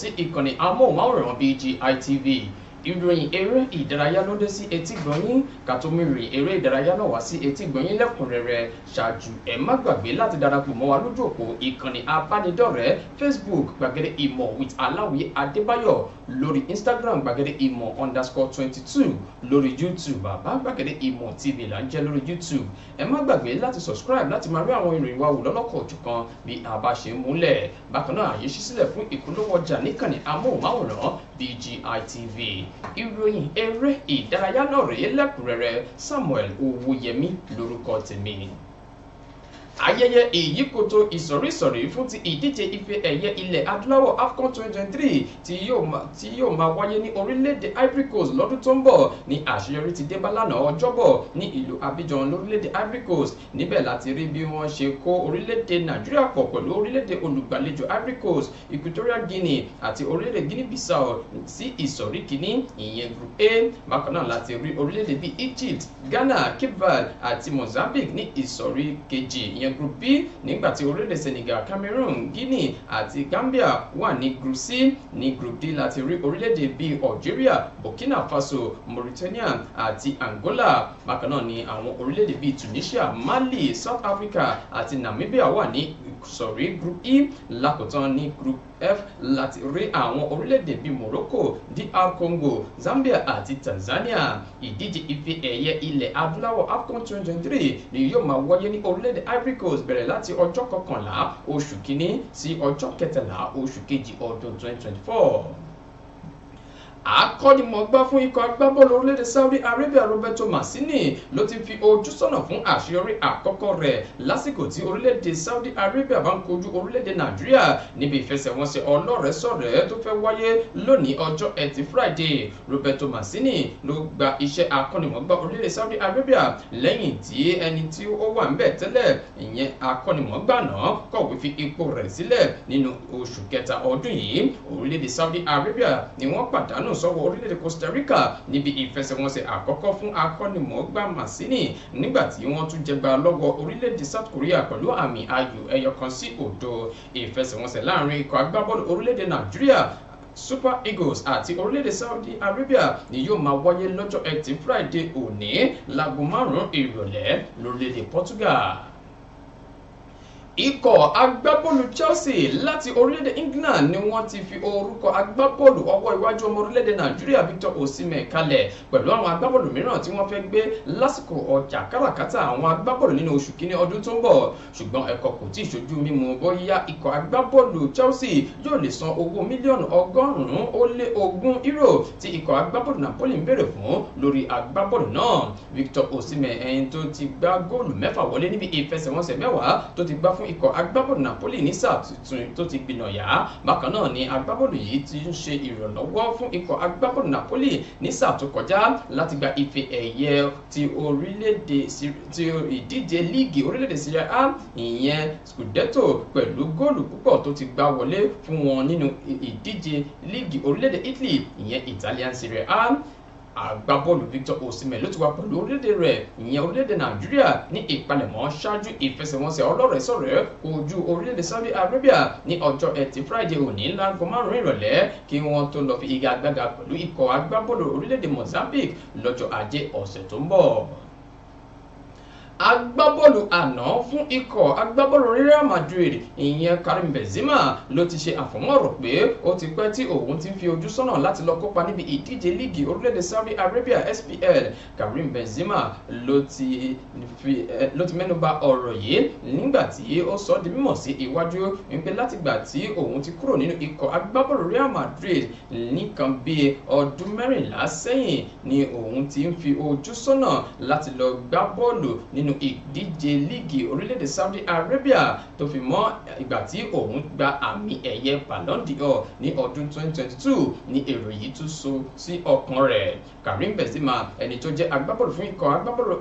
sí ìkànnì amóhùnmáwòrán BGI TV ìròyìn eré ìdárayá ló dé sí etí gbọ̀nyín kàtómìrì eré ìdárayá náà wá sí etí gbọ̀nyín lẹ́kùnrẹ́rẹ́ ṣáájú ẹ má gbàgbé láti darapọ̀ mọ́ wa lójú òpó ìkànnì abánidọ́rẹ̀ẹ́ facebook gbàgede ìmọ̀ with aláwìí adébáyọ̀ lórí instagram gbàgede ìmọ̀ underscore twenty two lórí youtube bàbá gbàgede ìmọ̀ tv là ń jẹ́ lórí youtube ẹ má gbàgbé láti subscribe láti máa rí àwọn ìròyìn wa wò lọ́lọ́kọ̀ọ̀kan bí a bá ṣe múlẹ̀ bákan náà àyè ṣí sílẹ̀ fún ìpolówó ọjà níkànnì amóhùnmáwòrán BGI TV ìròyìn eré ìdárayá náà rèé lẹ́kùnrẹ́rẹ́ Samuel Owóyẹmí lórúkọ tèmi ayẹyẹ ìyíkoto ìsọ̀rísọ̀rí fún ti ìdíje ife ẹ̀yẹ ilẹ̀ adúláwọ̀ afcon twenty twenty three tí yóò máa wáyé ní orílẹ̀-èdè ivory coast lọ́dún tó ń bọ̀ ní àṣeyọrí ti dé bá lánàá ọjọ́bọ̀ ní ìlú abidjan lórílẹ̀-èdè ivory coast níbẹ̀ láti rí bí wọ́n ṣe kó orílẹ̀-èdè nàìjíríà pọ̀ pẹ̀lú orílẹ̀-èdè olùgbàlejò ivory coast equatorial guinea àti orílẹ̀-èdè guinea bissau sí ìsọ̀rí kìíní ìyẹn group a bákan náà láti rí orílẹ̀-èdè bíi egypt ghana cape verde àti mozambique ní ìsọ̀rí kejì ìyẹn group b nígbà tí orílẹ̀-èdè Senegal Cameroon Guinea àti Gambia wà ní group c ní group d láti rí orílẹ̀-èdè bíi Algeria Burkina Faso Mauritania àti Angola bákan náà ni àwọn orílẹ̀-èdè bíi Tunisia Mali South Africa àti Namibia wà ní Sorry, group e lákòótán ní group f láti rí àwọn orílẹ̀-èdè bíi Morocco DR Congo Zambia àti Tanzania ìdíje ife ẹ̀yẹ ilẹ̀ adúláwọ̀ AFCON 2023 ni yóò máa wáyé ní orílẹ̀-èdè Ivory Coast bẹ̀rẹ̀ láti ọjọ́ kọkànlá oṣù kínní sí ọjọ́ kẹtàlá oṣù kejì ọdún 2024 akọ́nimọ̀gbá fún ikọ̀ agbábọ́ọ̀lù orílẹ̀-èdè Saudi Arabia Roberto Mancini ló ti fi ojú sọ́nà fún àṣeyọrí àkọ́kọ́ rẹ̀ lásìkò tí orílẹ̀-èdè Saudi Arabia bá ń kojú orílẹ̀-èdè Nàìjíríà níbi ìfẹsẹ̀wọnsẹ̀ ọlọ́rẹ̀ẹ́sọ̀rẹ́ tó fẹ́ wáyé lónìí ọjọ́ ẹtì Friday Roberto Mancini ló gba iṣẹ́ akọ́nimọ̀gbá orílẹ̀-èdè Saudi Arabia lẹ́yìn tí ẹni tí ó wà ń bẹ̀ tẹ́lẹ̀ ìyẹn akọ́nimọ̀gbá náà fi ipò rẹ̀ sílẹ̀ nínú oṣù kẹta Saudi Arabia ni wọ́n pàdánù ìgbóhùnsọ́wọ́ orílẹ̀-èdè Costa Rica níbi ìfẹsẹ̀wọnsẹ̀ àkọ́kọ́ fún akọ́nimọ̀ọ́gbá Masini nígbà tí wọ́n tún jẹgba lọ́wọ́ orílẹ̀-èdè South Korea pẹ̀lú àmì ayò ẹyọ kan sí òdo ìfẹsẹ̀wọnsẹ̀ láàrin ikọ̀ agbábọ́ọ̀lù orílẹ̀-èdè Nàìjíríà Super Eagles àti orílẹ̀-èdè Saudi Arabia ni yóò máa wáyé lọ́jọ́ ẹtì Friday òní láago márùn-ún ìrọ̀lẹ́ lórílẹ̀-èdè Portugal ikọ̀ agbábọ́ọ̀lù Chelsea láti orílẹ̀-èdè England ni wọ́n ti fi orúkọ agbábọ́ọ̀lù ọwọ́ iwájú ọmọ orílẹ̀-èdè Nàìjíríà Victor Osimhen kalẹ̀ pẹ̀lú àwọn agbábọ́ọ̀lù mìíràn tí wọ́n fẹ́ gbé lásìkò ọjà káràkátà àwọn agbábọ́ọ̀lù nínú oṣù kínní ọdún tó ń bọ̀ ṣùgbọ́n ẹ̀kọ́ kò tí ì ṣojú mímu bóyá ikọ̀ agbábọ́ọ̀lù Chelsea yóò lè san owó mílíọ̀nù ọgọ́rùn-ún ó euro tí ikọ̀ agbábọ́ọ̀lù Napoli ń béèrè fún Victor Osimhen ẹni tó ti gbá góòlù mẹ́fà wọlé níbi ìfẹsẹ̀wọnsẹ̀ mẹ́wàá fún ikọ̀ agbábọ́ọ̀lù Napoli ní sáà tuntun tó ti gbìnàyà bákan náà ni agbábọ́ọ̀lù yìí ti ń ṣe ìrànlọ́wọ́ fún ikọ̀ agbábọ́ọ̀lù Napoli ní sáà tó kọjá láti gba ife ẹ̀yẹ ti orílẹ̀-èdè ti ìdíje líìgì orílẹ̀-èdè Serie A ìyẹn Scudetto pẹ̀lú góòlù púpọ̀ tó ti gbá wọlé fún wọn nínú ìdíje líìgì orílẹ̀-èdè Italy ìyẹn Italian Serie A agbábọ́ọ̀lù Victor Osimhen ló ti wà pẹ̀lú orílẹ̀-èdè rẹ̀ ìyẹn orílẹ̀-èdè Nàìjíríà ní ìpalẹ̀mọ́ ṣáájú ìfẹsẹ̀wọnsẹ̀ ọlọ́rẹ̀ẹ́sọ̀rẹ́ ojú orílẹ̀-èdè Saudi Arabia ní ọjọ́ ẹtì Friday òní láago márùn-ún ìrọ̀lẹ́ kí wọ́n tó lọ fi igagbága pẹ̀lú ikọ̀ agbábọ́ọ̀lù orílẹ̀-èdè Mozambique lọ́jọ́ ajé ọ̀sẹ̀ tó ń bọ̀ agbábọ́ọ̀lù àná fún ikọ̀ agbábọ́ọ̀lù Real Madrid ìyẹn Karim Benzema ló ti ṣe àfọ̀mọ́rọ̀ pé ó ti pẹ́ tí òun ti fi ojú sọ́nà láti lọ kópa níbi ìdíje líìgì orílẹ̀-èdè Saudi Arabia SPL Karim Benzema ló ti mẹ́nu ba ọ̀rọ̀ yìí nígbà tí ó sọ di mímọ̀ sí iwájú wípé látìgbà tí òun ti kúrò nínú ikọ̀ agbábọ́ọ̀lù Real Madrid nìkan bíi ọdún mẹ́rìnlá sẹ́yìn ni òun ti fi ojú sọ́nà láti lọ gbá bọ́ọ̀lù nínú nínú ìdíje líìgì orílẹ̀-èdè Saudi Arabia tó fi mọ́ ìgbà tí òun gba àmì ẹ̀yẹ Ballon d'Or ní ọdún 2022 ni èrò yìí tún so sí ọkàn rẹ̀ Karim Benzema ẹni tó jẹ́ agbábọ́ọ̀lù fún ikọ̀ agbábọ́ọ̀lù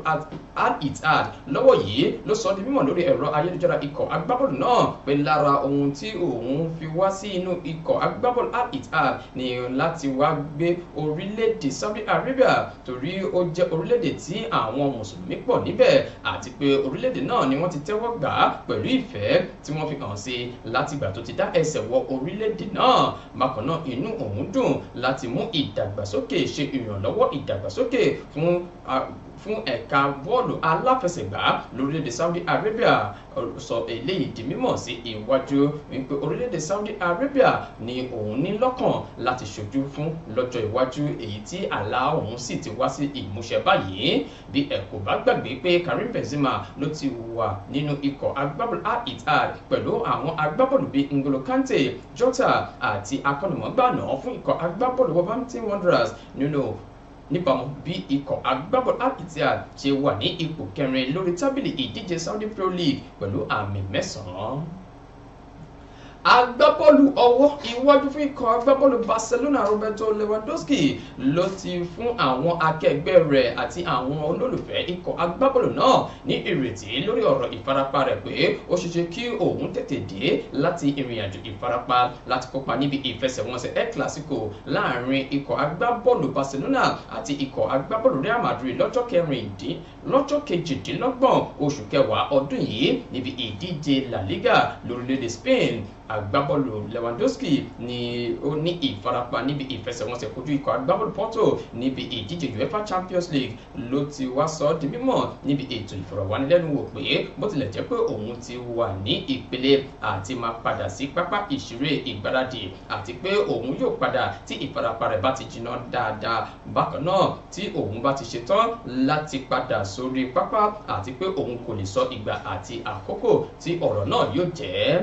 al ittihad lọ́wọ́ yìí ló sọ di mímọ̀ lórí ẹ̀rọ ayélujára ikọ̀ agbábọ́ọ̀lù náà pé lára ohun tí òun fi wá sí inú ikọ̀ agbábọ́ọ̀lù al ittihad ni láti wá gbé orílẹ̀-èdè Saudi Arabia torí ó jẹ́ orílẹ̀-èdè tí àwọn mùsùlùmí pọ̀ níbẹ̀ àti pé orílẹ̀-èdè náà ni wọ́n ti tẹ́wọ́ gbà pẹ̀lú ìfẹ́ tí wọ́n fi hàn sí látìgbà tó ti dá ẹsẹ̀ wọ orílẹ̀-èdè náà bákan náà inú òun dùn láti mú ìdàgbàsókè ṣe ìrànlọ́wọ́ ìdàgbàsókè fún fún ẹ̀ka bọ́ọ̀lù aláfẹsẹ̀gbá lórílẹ̀‐èdè Saudi Arabia sọ eléyìí di mímọ̀ sí iwájú wípé orílẹ̀‐èdè Saudi Arabia ni òun ní lọ́kàn láti ṣojú fún lọ́jọ́ iwájú èyí tí àlá òun sì ti wá sí ìmúṣẹ báyìí bí ẹ kò bá gbàgbé pé Karim Benzema ló ti wà nínú ikọ̀ agbábọ́ọ̀lù Al pẹ̀lú àwọn agbábọ́ọ̀lù bíi N'Golo Kante Jota àti akọ́nìmọ̀gbà náà fún ikọ̀ agbábọ́ọ̀lù Wolverhampton Wanderers nínú níbàámu bí ikọ̀ agbábọ́ọ̀lù Al-Ittihad ṣe wà ní ipò kẹrin lórí tábìlì ìdíje Saudi Pro League pẹ̀lú àmì mẹ́sàn-án agbábọ́ọ̀lù ọwọ́ iwájú fún ikọ̀ agbábọ́ọ̀lù Barcelona Roberto Lewandowski ló ti fún àwọn akẹgbẹ́ rẹ̀ àti àwọn olólùfẹ́ ikọ̀ agbábọ́ọ̀lù náà ní ìrètí lórí ọ̀rọ̀ ìfarapa rẹ̀ pé ó ṣeéṣe kí òun tètè dé láti ìrìnàjò ìfarapa láti kópa níbi ìfẹsẹ̀wọnsẹ̀ El Clasico láàrin ikọ̀ agbábọ́ọ̀lù Barcelona àti ikọ̀ agbábọ́ọ̀lù Real Madrid lọ́jọ́ kẹrìndín lọ́jọ́ kejìdínlọ́gbọ̀n oṣù kẹwàá ọdún yìí níbi ìdíje La Liga lórílẹ̀-èdè Spain agbábọ́ọ̀lù Lewandowski ni ó ní ìfarapa níbi ìfẹsẹ̀wọnsẹ̀ kojú ikọ̀ agbábọ́ọ̀lù Porto níbi ìdíje UEFA Champions League ló ti wá sọ ọ́ di mímọ̀ níbi ètò ìfọ̀rọ̀wánilẹ́nuwò pé bó tilẹ̀ jẹ́ pé òun ti wà ní ìpele àti máa padà sí pápá ìṣeré ìgbáradì àti pé òun yóò padà tí ìfarapa rẹ̀ bá ti jiná dáadáa bákan náà tí òun bá ti ṣetán láti padà sórí pápá àti pé òun kò lè sọ ìgbà àti àkókò tí ọ̀rọ̀ náà yóò jẹ́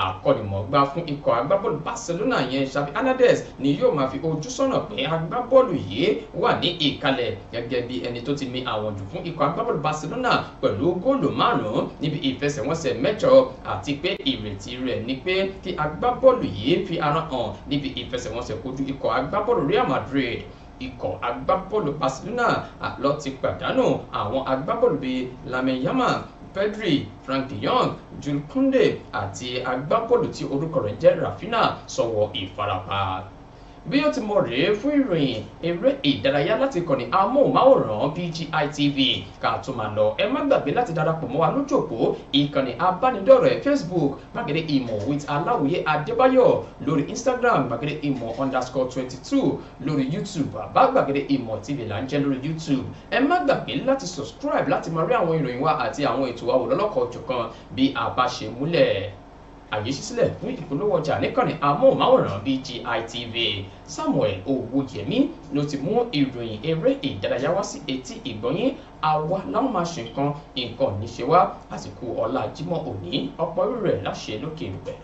akọ́nimọ̀gbá fún ikọ̀ agbábọ́ọ̀lù Barcelona yẹn Xavi Hernandez ni yóò máa fi ojú sọ́nà pé agbábọ́ọ̀lù yìí wà ní ìkalẹ̀ gẹ́gẹ́ bí ẹni tó ti mi àwọn jù fún ikọ̀ agbábọ́ọ̀lù Barcelona pẹ̀lú góòlù márùn-ún níbi ìfẹsẹ̀wọnsẹ̀ mẹ́jọ àti pé ìrètí rẹ̀ ni pé kí agbábọ́ọ̀lù yìí fi ara hàn níbi ìfẹsẹ̀wọnsẹ̀ kojú ikọ̀ agbábọ́ọ̀lù Real Madrid ikọ̀ agbábọ́ọ̀lù Barcelona ló ti pàdánù àwọn agbábọ́ọ̀lù bíi Lamine Yamal Pedri Frank de Jong Jules Koundé àti agbábọ́ọ̀lù tí orúkọ rẹ̀ jẹ́ Rafinha sọ̀wọ́ ìfarapa bí ó ti mọ rèé fún ìròyìn eré ìdárayá láti kọ̀ní amóhùnmáwòrán BGI TV ká tó máa lọ ẹ má gbàgbé láti darapọ̀ mọ́ wa lójú òpó ìkànnì abánidọ́rẹ̀ẹ́ Facebook gbàgede ìmọ̀ with aláwòye adébáyọ̀ lórí Instagram gbàgede ìmọ̀ underscore twenty two lórí YouTube bàbá gbàgede ìmọ̀ TV là ń jẹ́ lórí YouTube ẹ má gbàgbé láti subscribe láti máa rí àwọn ìròyìn wa àti àwọn ètò wa wò lọ́lọ́kọ̀ọ́ jọ̀kan bí àbá ṣe múlẹ̀ àyè ṣí sílẹ̀ fún ìpolówó ọjà níkànnì amóhùnmáwòrán BGI TV Samuel Owóyẹmí ló ti mú ìròyìn eré ìdárayá wá sí etí ìgbọ́yín àwa láwọn máa ṣe nǹkan nǹkan ò ní ṣe wá àsìkò ọ̀la Jímọ̀ òní ọ̀pọ̀ irú rẹ̀ láṣẹ lókè rẹ̀.